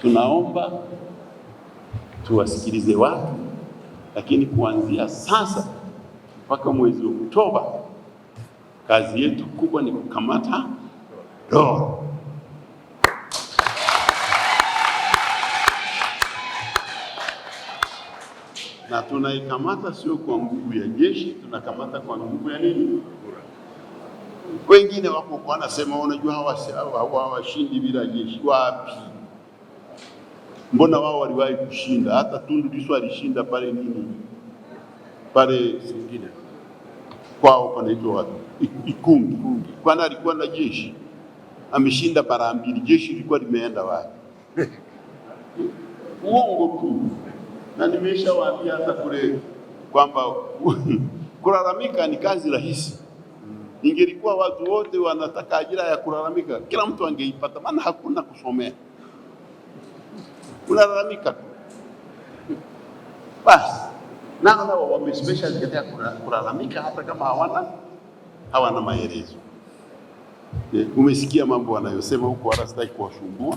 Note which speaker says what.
Speaker 1: Tunaomba tuwasikilize watu, lakini kuanzia sasa mpaka mwezi wa Oktoba, kazi yetu kubwa ni kukamata dola. na tunaikamata sio kwa nguvu ya jeshi, tunakamata kwa nguvu ya nini? Wengine wako wanasema, unajua hawashindi bila jeshi. Wapi! Mbona wao waliwahi kushinda? Hata Tundu Lissu alishinda pale nini, pale singida kwao panaitwa watu Ikungi. Kwani alikuwa na jeshi? Ameshinda mara mbili, jeshi lilikuwa limeenda wapi? Uongo tu, na nimeshawaambia hata kule kwamba kulalamika ni kazi rahisi. Mm. Ingelikuwa watu wote wanataka ajira ya kulalamika, kila mtu angeipata, maana hakuna kusomea unalalamika tu basi. Nana wamespecialize katika kulalamika hata kama hawana hawana maelezo. Eh, umesikia mambo wanayosema huko, wala sitaki kuwasumbua.